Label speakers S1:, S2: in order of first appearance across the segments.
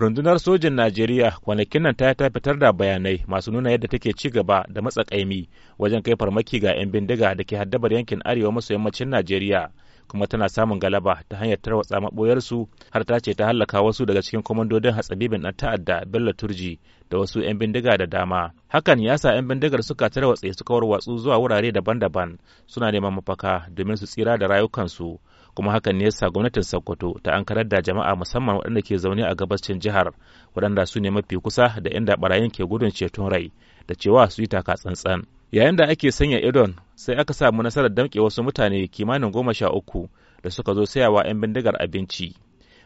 S1: Rundunar sojin Najeriya kwanakin nan ta ta fitar da bayanai masu nuna yadda take ci gaba da matsakaimi wajen kai farmaki ga 'yan bindiga da ke haddabar yankin arewa maso yammacin Najeriya kuma tana samun galaba ta hanyar tarwatsa maɓoyarsu har ta ce ta hallaka wasu daga cikin kwamandodin hatsabibin ɗan ta'adda Bello Turji da wasu 'yan bindiga da dama. Hakan ya sa 'yan bindigar suka tarwatse suka warwatsu zuwa wurare daban-daban suna neman mafaka domin su tsira da rayukansu kuma hakan ne yasa gwamnatin sokoto ta ankarar da jama'a musamman waɗanda ke zaune a gabashin jihar waɗanda su ne mafi kusa da inda barayin ke gudun ceton rai da cewa su yi taka tsantsan yayin da ake sanya idon sai aka samu nasarar damƙe wasu mutane kimanin goma sha uku da suka zo sayawa 'yan bindigar abinci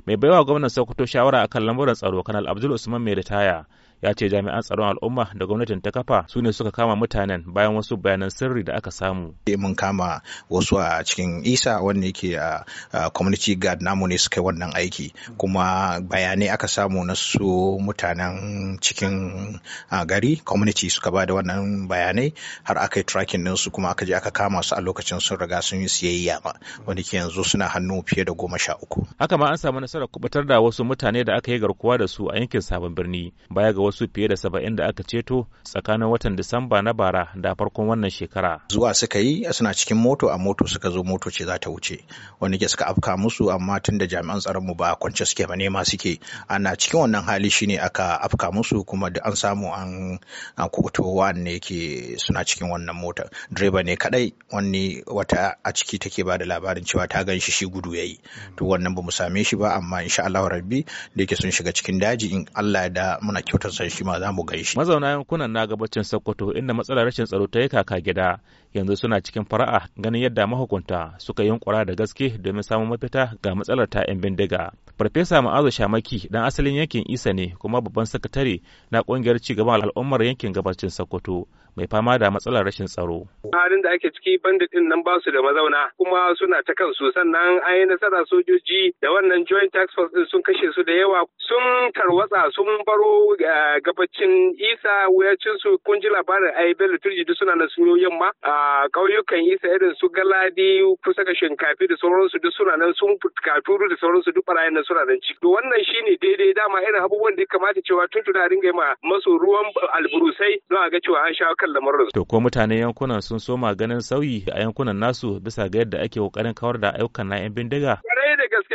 S1: mai baiwa gwamnan sokoto shawara akan lamuran tsaro kanal abdul usman mai ritaya ya ce jami'an tsaron al'umma da gwamnatin ta kafa su ne suka kama mutanen bayan wasu bayanan sirri da aka samu. Eh, mun kama wasu a cikin isa wanda
S2: yake a community guard namu ne suka yi wannan aiki kuma bayanai aka samu na su mutanen cikin gari community suka ba da wannan bayanai har aka yi tracking ɗinsu kuma aka je aka kama su a lokacin sun riga sun yi siyayya ma wanda ke yanzu suna hannu fiye da goma sha uku.
S1: Haka ma an samu nasarar kubutar da wasu mutane da aka yi garkuwa da su a yankin sabon birni baya ga wasu fiye da saba'in da aka ceto tsakanin watan Disamba na bara da farkon wannan shekara.
S2: Zuwa suka yi suna cikin moto a moto suka zo moto ce za ta wuce wani ke suka afka musu amma tun da jami'an tsaron mu ba kwance suke ba nema suke ana cikin wannan hali shine aka afka musu kuma da an samu an an kubuto wanne yake suna cikin wannan mota direba ne kadai wani wata a ciki take ba da labarin cewa ta gan shi shi gudu yayi to wannan ba mu same shi ba amma insha Allah rabbi da yake sun shiga cikin
S1: daji in Allah ya da muna kyautar san shi ma za mu shi. Mazauna yankunan na gabacin Sokoto inda matsalar rashin tsaro ta yi kaka gida yanzu suna cikin fara'a ganin yadda mahukunta suka yi kura da gaske domin samun mafita ga matsalar ta 'yan bindiga. Farfesa Ma'azu Shamaki dan asalin yankin Isa ne kuma babban sakatare na kungiyar cigaban al'ummar yankin gabacin Sokoto mai fama da matsalar rashin tsaro.
S3: Halin da ake ciki bandit din nan ba su da mazauna kuma suna ta kansu sannan an yi nasara sojoji da wannan joint tax force sun kashe su da yawa sun tarwatsa sun baro eh, gabacin isa wuyacin su kun ji labarin ai bello turji duk suna na sun yamma a kauyukan isa irin su galadi kusa ga shinkafi da sauransu duk suna nan sun katuru da sauransu duk barayin nan suna nan ciki to wannan shine daidai dama irin abubuwan da ya kamata cewa tun ringa yi ma masu ruwan alburusai don a ga cewa an sha kan lamarin
S1: to ko mutanen yankunan sun soma ganin sauyi a yankunan nasu bisa ga yadda ake kokarin kawar da ayyukan na 'yan bindiga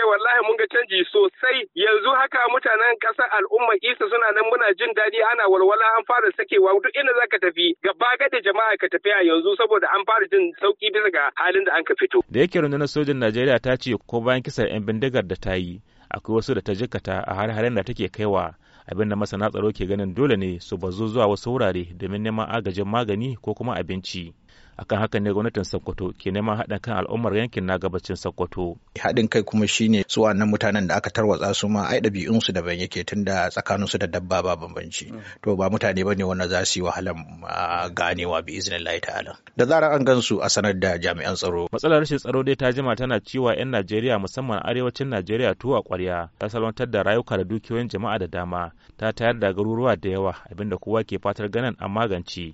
S3: wallahi mun ga canji sosai yanzu haka mutanen ƙasar al'umma isa suna nan muna jin daɗi ana walwala an fara sakewa duk inda ka tafi gaba da jama'a ka tafi a yanzu saboda an fara jin sauki bisa ga halin da an ka fito
S1: da yake rundunar sojin Najeriya ta ce ko bayan kisan 'yan bindigar da ta yi akwai wasu da ta jikata a har-haren da take kaiwa abin da masana tsaro ke ganin dole ne su bazu zuwa wasu wurare domin neman agajin magani ko kuma abinci. akan haka ne gwamnatin sokoto ke neman haɗin kan al'ummar yankin na gabacin sokoto
S2: haɗin kai kuma shine su wannan mutanen da aka tarwatsa su ma ai su daban yake tun tunda su da dabba ba bambanci mm. to ba mutane bane wanda za su yi wahalan ah, ganewa bi iznillahi ta'ala da zarar an gansu a sanar da jami'an tsaro
S1: matsalar rashin tsaro dai ta jima tana ciwa 'yan Najeriya musamman arewacin Najeriya a kwarya ta salwantar da rayuka da dukiyoyin jama'a da dama ta tayar da garuruwa da yawa abinda kowa ke fatar ganin an magance